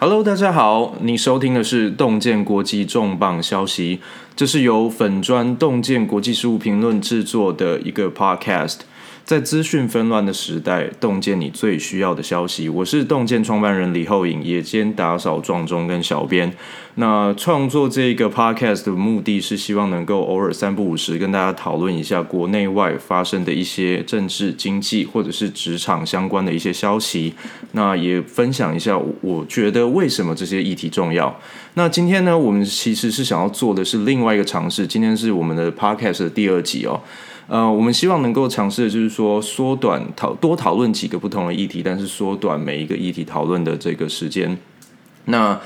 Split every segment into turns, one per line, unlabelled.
Hello，大家好，你收聽的是洞見國際重磅消息，這是由粉專洞見國際事務評論制作的一個 Podcast。在資訊紛亂的時代，洞見你最需要的消息。我是洞見創辦人李厚穎，也兼打掃撞鐘跟小編。那創作這個 podcast 的目的是希望能夠偶爾三不五時跟大家討論一下國內外發生的一些政治、經濟或者是職場相關的一些消息。那也分享一下，我覺得為什麼這些議題重要。那今天呢，我們其實是想要做的是另外一個嘗試。今天是我們的 podcast 的第二集哦。呃，我們希望能夠嘗試的就是說，縮短討多討論幾個不同的議題，但是縮短每一個議題討論的這個時間。那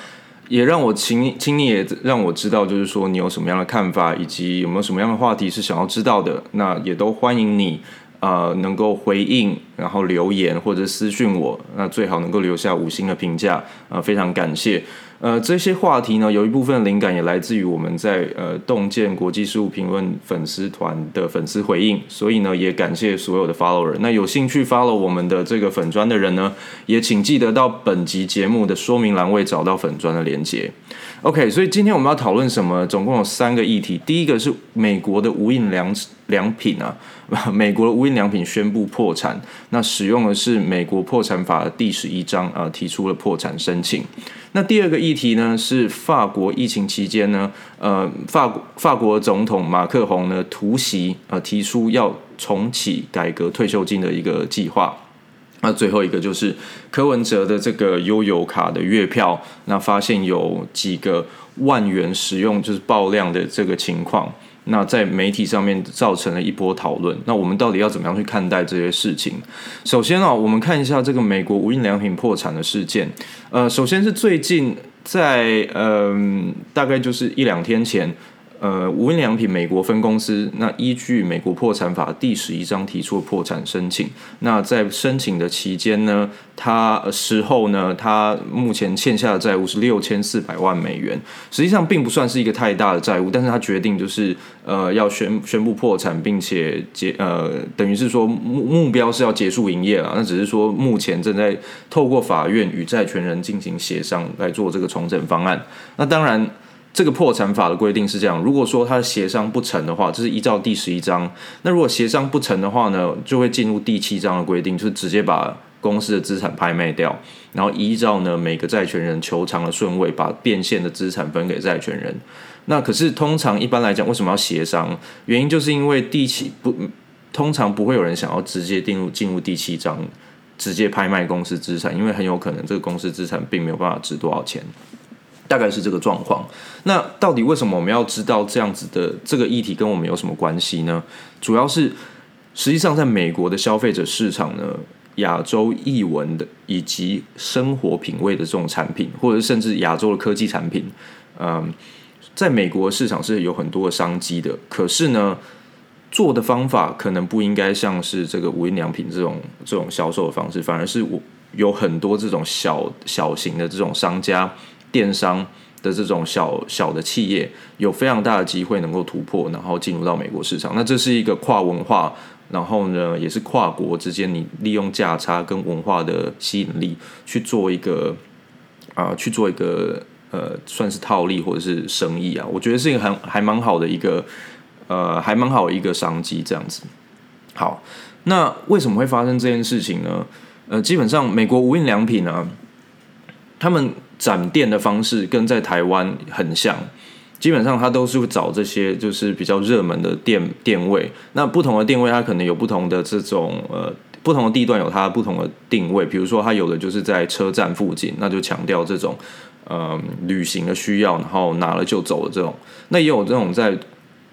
也讓我請，請你也讓我知道，就是說你有什麼樣的看法，以及有沒有什麼樣的話題是想要知道的。那也都歡迎你，呃，能夠回應，然後留言或者私訊我。那最好能夠留下五星的評價，啊、呃，非常感謝。呃，這些話題呢，有一部分的靈感也來自於我們在呃洞見國際事務評論粉絲團的粉絲回應，所以呢，也感謝所有的 follower。那有興趣 follow 我們的這個粉專的人呢，也請記得到本集節目的說明欄位找到粉專的連結。OK，所以今天我們要討論什麼？總共有三個議題，第一個是美國的無印良良品啊。美國的無印良品宣布破產，那使用的是美國破產法的第十一章，呃，提出了破產申請。那第二個議題呢是法國疫情期間呢，呃，法法國總統馬克宏呢突襲，呃，提出要重啟改革退休金的一個計劃。那最後一個就是柯文哲的這個悠遊卡的月票，那發現有幾個萬元使用就是爆量的這個情況。那在媒體上面造成了一波討論，那我們到底要怎麼樣去看待這些事情？首先啊、哦，我們看一下這個美國無印良品破產的事件，呃，首先是最近在嗯、呃，大概就是一兩天前。呃，無印良品美國分公司，那依據美國破產法第十一章提出了破產申請。那在申請的期間呢，他呃時候呢，他目前欠下的債務是六千四百萬美元，實際上並不算是一個太大的債務。但是他決定就是呃要宣宣布破產，並且結呃等於是說目目標是要結束營業了。那只是說目前正在透過法院與債權人進行協商來做這個重整方案。那當然。這個破產法的規定是這樣：如果說他協商不成的話，這是依照第十一章；那如果協商不成的話呢，就會進入第七章的規定，就是直接把公司的資產拍賣掉，然後依照呢每個債權人求償的順位，把變現的資產分給債權人。那可是通常一般來講，為什麼要協商？原因就是因為第七不通常不會有人想要直接進入進入第七章，直接拍賣公司資產，因為很有可能這個公司資產並沒有辦法值多少錢。大概是這個狀況。那到底為什麼我們要知道這樣子的這個議題跟我們有什麼關係呢？主要是，實際上在美國的消費者市場呢，亞洲藝文的以及生活品味的這種產品，或者甚至亞洲的科技產品，嗯，在美國市場是有很多商機的。可是呢，做的方法可能不應該像是這個無印良品這種這種銷售的方式，反而是我有很多這種小小型的這種商家。電商的這種小小的企業有非常大的機會能夠突破，然後進入到美國市場。那這是一個跨文化，然後呢也是跨國之間，你利用價差跟文化的吸引力去做一個啊，呃，去做一個呃算是套利或者是生意啊，我覺得是一個很還，還蠻好的一個呃還蠻好的一個商機這樣子。好，那為什麼會發生這件事情呢？呃，基本上美國無印良品啊，他們。展店的方式跟在台灣很像，基本上他都是找這些就是比較熱門的店店位。那不同的店位，它可能有不同的這種呃，不同的地段有它不同的定位。比如說，它有的就是在車站附近，那就強調這種嗯、呃，旅行的需要，然後拿了就走的這種。那也有這種在。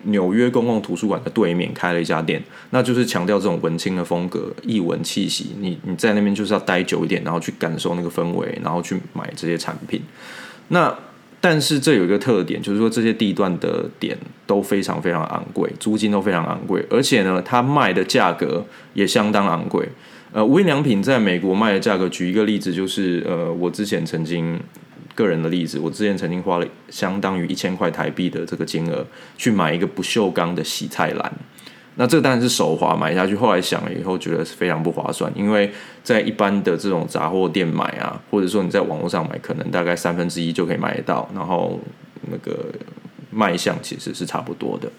紐約公共圖書館的對面開了一家店，那就是強調這種文青的風格、藝文氣息。你你在那邊就是要待久一點，然後去感受那個氛圍，然後去買這些產品。那但是這有一個特點，就是說這些地段的店都非常非常昂貴，租金都非常昂貴，而且呢，它賣的價格也相當昂貴。呃，無印良品在美國賣的價格，舉一個例子，就是呃，我之前曾經。個人的例子，我之前曾經花了相當於一千塊台幣的這個金額去買一個不鏽鋼的洗菜籃，那這個當然是手滑買下去。後來想了以後，覺得是非常不划算，因為在一般的這種雜貨店買啊，或者說你在網絡上買，可能大概三分之一就可以買得到，然後那個賣相其實是差不多的。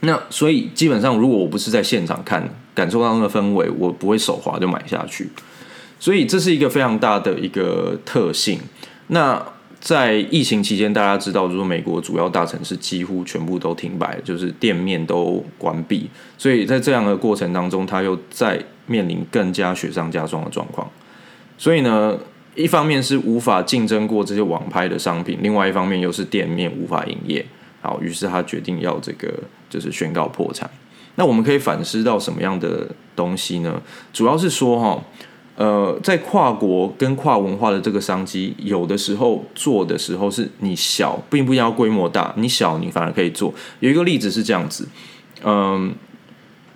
那所以基本上，如果我不是在現場看，感受到那個氛圍，我不會手滑就買下去。所以這是一個非常大的一個特性。那在疫情期間，大家知道，如果美國主要大城市幾乎全部都停擺，就是店面都關閉。所以在這樣的過程當中，他又在面臨更加雪上加霜的狀況。所以呢，一方面是無法競爭過這些網拍的商品，另外一方面又是店面無法營業。好，於是他決定要這個就是宣告破產。那我們可以反思到什麼樣的東西呢？主要是說哈。呃，在跨國跟跨文化的這個商機，有的時候做的時候是你小，並不一定要規模大，你小你反而可以做。有一個例子是這樣子，嗯、呃，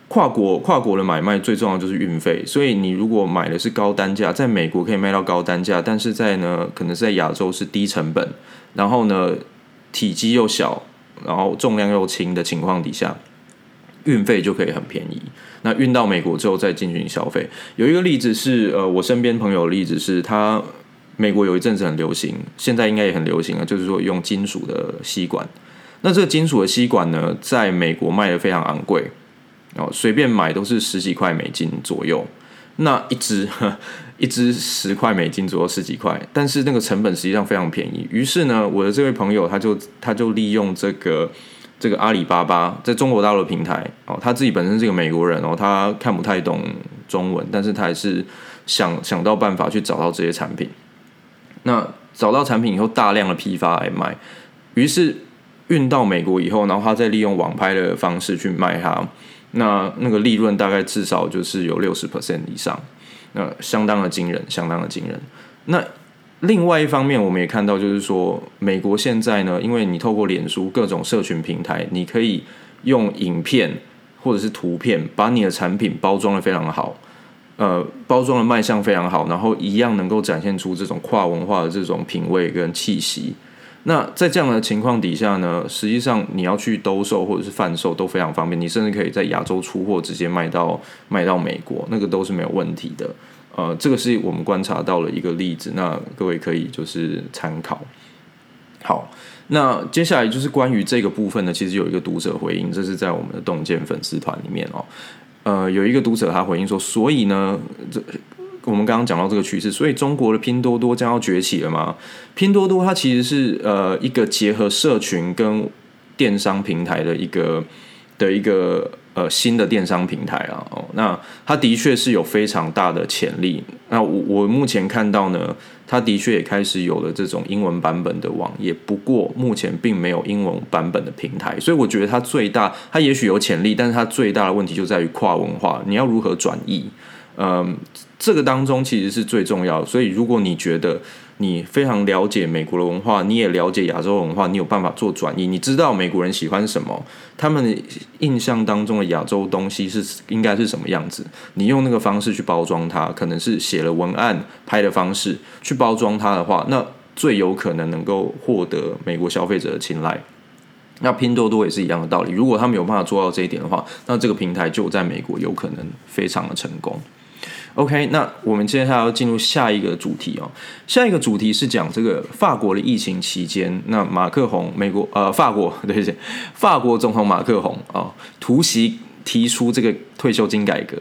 跨國跨國的買賣最重要就是運費，所以你如果買的是高單價，在美國可以賣到高單價，但是在呢，可能是在亞洲是低成本，然後呢，體積又小，然後重量又輕的情況底下。運費就可以很便宜，那運到美國之後再進行消費。有一個例子是，呃，我身邊朋友的例子是，他美國有一陣子很流行，現在應該也很流行了，就是說用金屬的吸管。那這個金屬的吸管呢，在美國賣得非常昂貴哦，隨便買都是十幾塊美金左右，那一支，呵，一支十塊美金左右，十幾塊。但是那個成本實際上非常便宜。於是呢，我的這位朋友他就他就利用這個。這個阿里巴巴在中國大陸的平台哦，他自己本身是一個美國人哦，他看不太懂中文，但是他還是想想到辦法去找到這些產品。那找到產品以後，大量的批發來賣，於是運到美國以後，然後他再利用網拍的方式去賣它。那那個利潤大概至少就是有六十 percent 以上，那相當的驚人，相當的驚人。那另外一方面，我們也看到，就是說，美國現在呢，因為你透過臉書各種社群平台，你可以用影片或者是圖片，把你的產品包裝得非常好，呃，包裝的賣相非常好，然後一樣能夠展現出這種跨文化的這種品味跟氣息。那在這樣的情況底下呢，實際上你要去兜售或者是販售都非常方便，你甚至可以在亞洲出貨，直接賣到賣到美國，那個都是沒有問題的。呃，這個是我們觀察到了一個例子，那各位可以就是參考。好，那接下來就是關於這個部分呢，其實有一個讀者回應，這是在我們的洞見粉絲團裡面哦。呃，有一個讀者他回應說，所以呢，這我們剛剛講到這個趨勢，所以中國的拼多多將要崛起了嗎？拼多多它其實是呃一個結合社群跟電商平台的一個的一個。呃，新的電商平台啊，哦，那它的確是有非常大的潛力。那我我目前看到呢，它的確也開始有了這種英文版本的網頁，也不過目前並沒有英文版本的平台，所以我覺得它最大，它也許有潛力，但是它最大的問題就在於跨文化，你要如何轉譯？嗯、呃，這個當中其實是最重要的。所以如果你覺得，你非常了解美國的文化，你也了解亞洲文化，你有辦法做轉移。你知道美國人喜歡什麼，他們印象當中的亞洲東西是應該是什麼樣子。你用那個方式去包裝它，可能是寫了文案、拍的方式去包裝它的話，那最有可能能夠獲得美國消費者的青睞。那拼多多也是一樣的道理，如果他們有辦法做到這一點的話，那這個平台就在美國有可能非常的成功。OK，那我們接下來要進入下一個主題哦。下一個主題是講這個法國的疫情期間，那馬克宏，美國呃，法國，對不起，法國總統馬克宏啊、哦，突襲。提出這個退休金改革。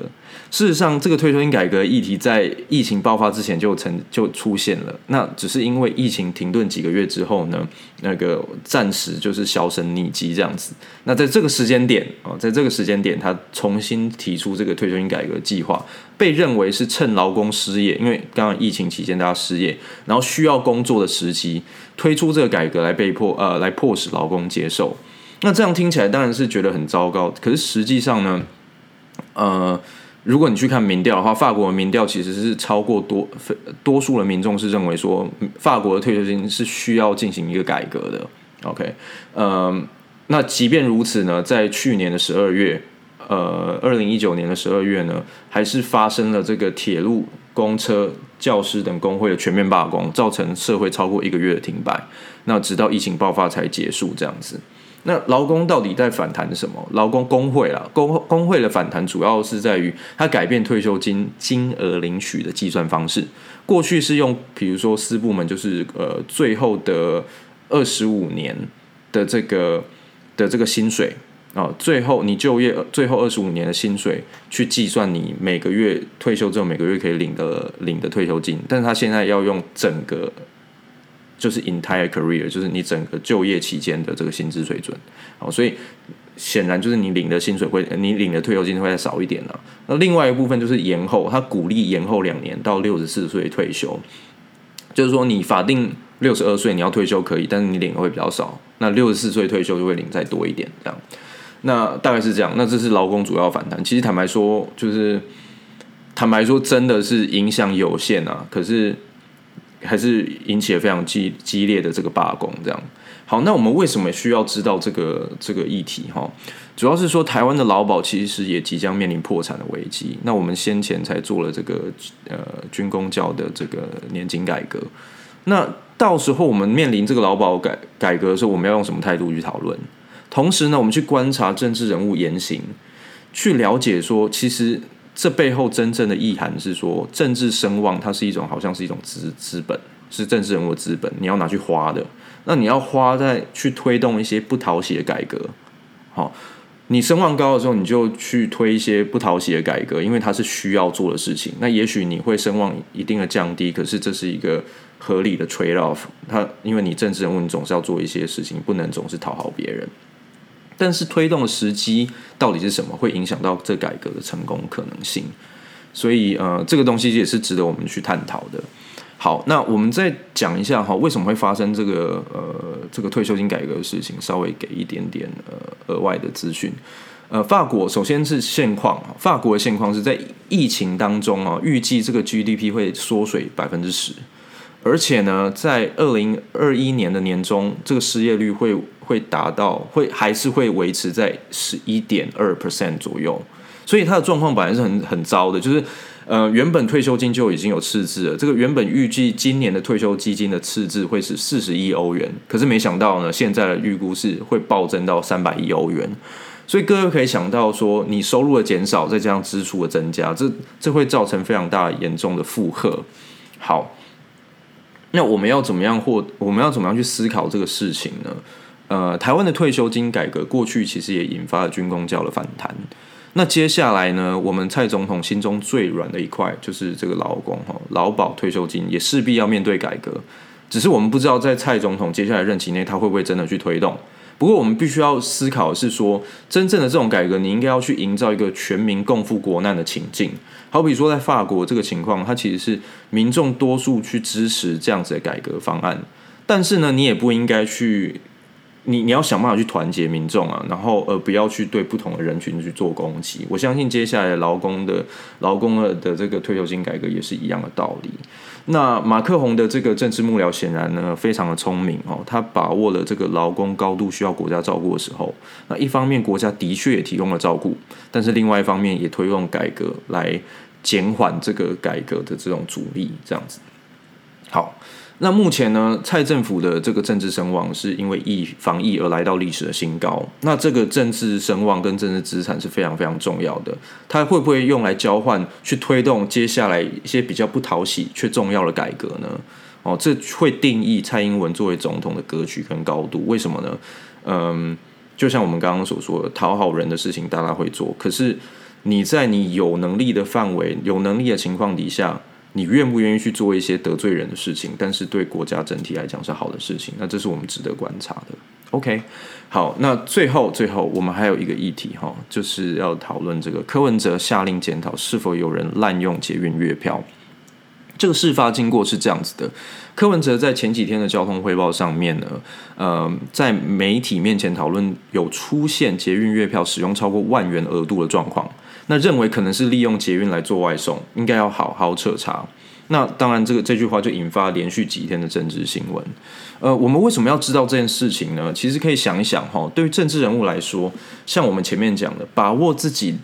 事實上，這個退休金改革議題在疫情爆發之前就成就出現了，那只是因為疫情停頓幾個月之後呢，那個暫時就是銷聲匿跡這樣子。那在這個時間點啊，在這個時間點，他重新提出這個退休金改革計劃，被認為是趁勞工失業，因為剛剛疫情期間大家失業，然後需要工作的時期推出這個改革來被迫呃來迫使勞工接受。那這樣聽起來當然是覺得很糟糕，可是實際上呢，呃，如果你去看民調的話，法國的民調其實是超過多，多數的民眾是認為說，法國的退休金是需要進行一個改革的。OK，呃，那即便如此呢，在去年的十二月，呃，二零一九年的十二月呢，還是發生了這個鐵路、公車、教師等工會的全面罷工，造成社會超過一個月的停擺，那直到疫情爆發才結束這樣子。那勞工到底在反彈什麼？勞工工會啦，工工會的反彈主要是在於他改變退休金金額領取的計算方式。過去是用，比如說私部門就是呃最後的二十五年的這個的這個薪水啊、哦，最後你就業最後二十五年的薪水去計算你每個月退休之後每個月可以領的領的退休金，但是他現在要用整個。就是 entire career，就是你整個就業期間的這個薪資水準，好，所以顯然就是你領的薪水會，你領的退休金會再少一點啊。那另外一部分就是延後，他鼓勵延後兩年到六十四歲退休，就是說你法定六十二歲你要退休可以，但是你領的會比較少，那六十四歲退休就會領再多一點，這樣。那大概是這樣，那這是勞工主要反彈。其實坦白說，就是坦白說，真的是影響有限啊。可是。還是引起了非常激激烈的這個罷工，這樣。好，那我們為什麼需要知道這個這個議題？哈，主要是說台灣的勞保其實也即將面臨破產的危機。那我們先前才做了這個呃軍公教的這個年金改革，那到時候我們面臨這個勞保改改革的時候，我們要用什麼態度去討論？同時呢，我們去觀察政治人物言行，去了解說其實。這背後真正的意涵是說，政治聲望它是一種好像是一種資資本，是政治人物的資本，你要拿去花的。那你要花在去推動一些不討喜的改革，好，你聲望高的時候，你就去推一些不討喜的改革，因為它是需要做的事情。那也許你會聲望一定的降低，可是這是一個合理的 trade off。它因為你政治人物你總是要做一些事情，不能總是討好別人。但是推動的時機到底是什麼，會影響到這改革的成功可能性，所以呃，這個東西也是值得我們去探討的。好，那我們再講一下哈，為什麼會發生這個呃這個退休金改革的事情，稍微給一點點呃額外的資訊。呃，法國首先是現況啊，法國的現況是在疫情當中啊，預計這個 GDP 會縮水百分之十。而且呢，在二零二一年的年中，這個失業率會會達到，會還是會維持在十一點二 percent 左右。所以它的狀況本來是很很糟的，就是呃，原本退休金就已經有赤字了。這個原本預計今年的退休基金的赤字會是四十億歐元，可是沒想到呢，現在的預估是會暴增到三百億歐元。所以各位可以想到說，你收入的減少，再加上支出的增加，這這會造成非常大的嚴重的負荷。好。那我們要怎麼樣或我們要怎麼樣去思考這個事情呢？呃，台灣的退休金改革過去其實也引發了軍公教的反彈。那接下來呢，我們蔡總統心中最軟的一塊就是這個勞工哈勞保退休金，也勢必要面對改革。只是我們不知道在蔡總統接下來任期內，他會不會真的去推動。不過，我們必須要思考的是說，真正的這種改革，你應該要去營造一個全民共赴國難的情境。好比說，在法國這個情況，它其實是民眾多數去支持這樣子的改革方案。但是呢，你也不應該去，你你要想辦法去團結民眾啊，然後呃，不要去對不同的人群去做攻擊。我相信接下來勞工的勞工的這個退休金改革也是一樣的道理。那馬克宏的這個政治幕僚顯然呢，非常的聰明哦，他把握了這個勞工高度需要國家照顧的時候，那一方面國家的確也提供了照顧，但是另外一方面也推動改革來減緩這個改革的這種阻力，這樣子，好。那目前呢，蔡政府的這個政治聲望是因為疫防疫而來到歷史的新高。那這個政治聲望跟政治資產是非常非常重要的。它會不會用來交換，去推動接下來一些比較不討喜卻重要的改革呢？哦，這會定義蔡英文作為總統的格局跟高度。為什麼呢？嗯，就像我們剛剛所說的，討好人的事情大家會做。可是你在你有能力的範圍、有能力的情況底下。你願不願意去做一些得罪人的事情？但是對國家整體來講是好的事情，那這是我們值得觀察的。OK，好，那最後最後我們還有一個議題哈，就是要討論這個柯文哲下令檢討是否有人濫用捷運月票。這個事發經過是這樣子的：柯文哲在前幾天的交通匯報上面呢，呃，在媒體面前討論有出現捷運月票使用超過萬元額度的狀況。那認為可能是利用捷運來做外送，應該要好好徹查。那當然，這個這句話就引發連續幾天的政治新聞。呃，我們為什麼要知道這件事情呢？其實可以想一想哈、哦，對於政治人物來說，像我們前面講的，把握自己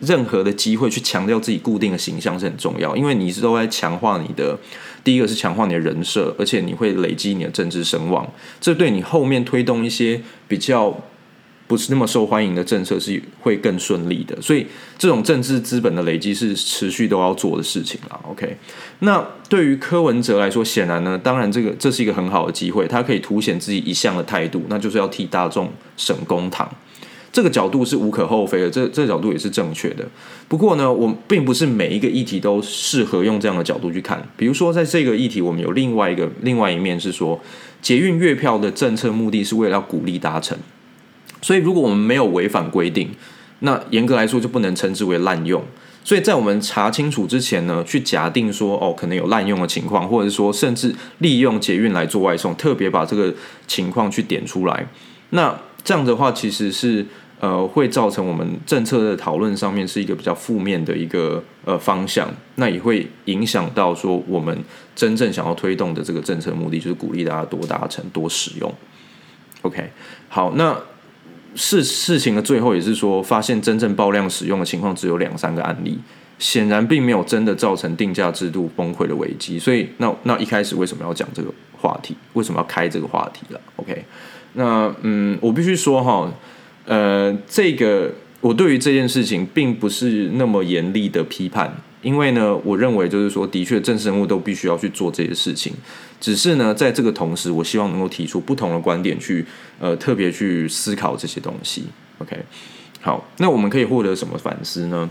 任何的機會去強調自己固定的形象是很重要，因為你一直都在強化你的第一個是強化你的人設，而且你會累積你的政治聲望，這對你後面推動一些比較。不是那麼受歡迎的政策是會更順利的，所以這種政治資本的累積是持續都要做的事情啊。OK，那對於柯文哲來說，顯然呢，當然這個這是一個很好的機會，他可以凸顯自己一向的態度，那就是要替大眾省公帑。這個角度是無可厚非的，這，這個角度也是正確的。不過呢，我並不是每一個議題都適合用這樣的角度去看。比如說，在這個議題，我們有另外一個另外一面是說，捷運月票的政策目的是為了要鼓勵搭乘。所以，如果我們沒有違反規定，那嚴格來說就不能稱之為濫用。所以在我們查清楚之前呢，去假定說哦，可能有濫用的情況，或者是說甚至利用捷運來做外送，特別把這個情況去點出來。那這樣的話，其實是呃會造成我們政策的討論上面是一個比較負面的一個呃方向。那也會影響到說我們真正想要推動的這個政策的目的，就是鼓勵大家多搭乘、多使用。OK，好，那。事事情的最後也是說，發現真正爆量使用的情況只有兩三個案例，顯然並沒有真的造成定價制度崩潰的危機。所以，那那一開始為什麼要講這個話題？為什麼要開這個話題了？OK，那嗯，我必須說哈，呃，這個我對於這件事情並不是那麼嚴厲的批判。因為呢，我認為就是說，的確，政治人物都必須要去做這些事情。只是呢，在這個同時，我希望能夠提出不同的觀點去，去呃特別去思考這些東西。OK，好，那我們可以獲得什麼反思呢？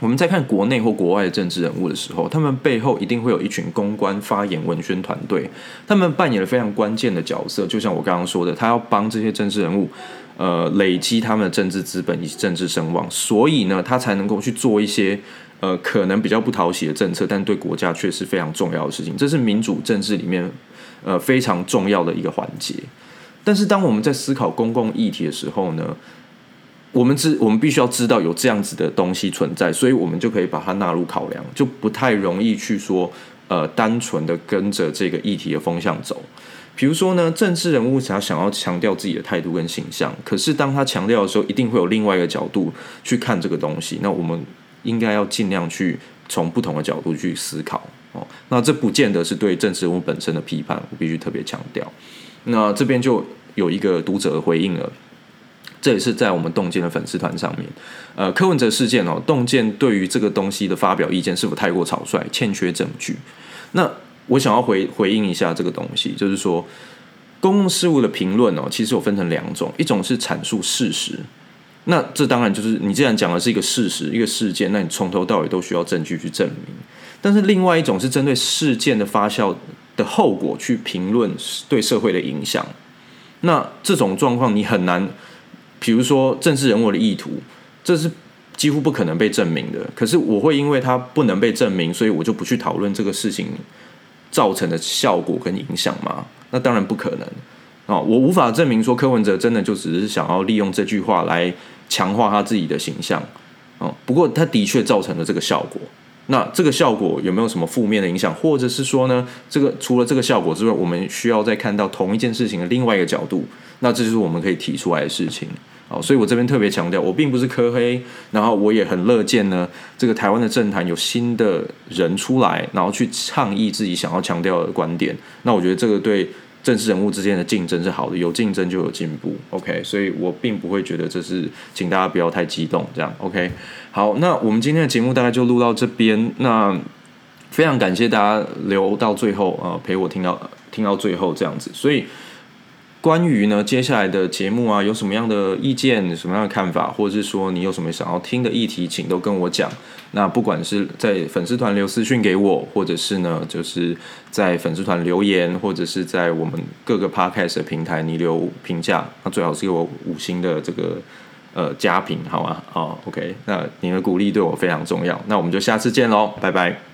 我們在看國內或國外的政治人物的時候，他們背後一定會有一群公關、發言、文宣團隊，他們扮演了非常關鍵的角色。就像我剛剛說的，他要幫這些政治人物呃累積他們的政治資本以及政治聲望，所以呢，他才能夠去做一些。呃，可能比較不討喜的政策，但對國家卻是非常重要的事情。這是民主政治裡面呃非常重要的一個環節。但是當我們在思考公共議題的時候呢，我們知我們必須要知道有這樣子的東西存在，所以我們就可以把它納入考量，就不太容易去說呃單純的跟着這個議題的風向走。比如說呢，政治人物想要想要強調自己的態度跟形象，可是當他強調的時候，一定會有另外一個角度去看這個東西。那我們。應該要盡量去從不同的角度去思考哦。那這不見得是對政治人物本身的批判，我必須特別強調。那這邊就有一個讀者的回應了，這也是在我們洞見的粉絲團上面。呃，柯文哲事件哦，洞見對於這個東西的發表意見是否太過草率、欠缺證據？那我想要回回應一下這個東西，就是說，公共事務的評論哦，其實有分成兩種，一種是闡述事實。那這當然就是你既然講的是一個事實，一個事件，那你從頭到尾都需要證據去證明。但是另外一種是針對事件的發酵的後果去評論對社會的影響。那這種狀況你很難，比如說政治人物的意圖，這是幾乎不可能被證明的。可是我會因為它不能被證明，所以我就不去討論這個事情造成的效果跟影響嗎？那當然不可能啊，哦！我無法證明說柯文哲真的就只是想要利用這句話來。強化他自己的形象，哦，不過他的確造成了這個效果。那這個效果有沒有什麼負面的影響，或者是說呢，這個除了這個效果之外，我們需要再看到同一件事情的另外一個角度。那這就是我們可以提出來的事情。哦，所以我這邊特別強調，我並不是柯黑，然後我也很樂見呢，這個台灣的政壇有新的人出來，然後去倡議自己想要強調的觀點。那我覺得這個對。政治人物之間的競爭是好的，有競爭就有進步。OK，所以我並不會覺得這是，請大家不要太激動，這樣 OK。好，那我們今天的節目大概就錄到這邊。那非常感謝大家留到最後啊、呃，陪我聽到聽到最後這樣子，所以。關於呢，接下來的節目啊，有什麼樣的意見、什麼樣的看法，或者是說你有什麼想要聽的議題，請都跟我講。那不管是在粉絲團留私訊給我，或者是呢，就是在粉絲團留言，或者是在我們各個 podcast 的平台你留評價，那最好是給我五星的這個呃佳評，好嗎？哦，OK，那你的鼓勵對我非常重要。那我們就下次見嘍，拜拜。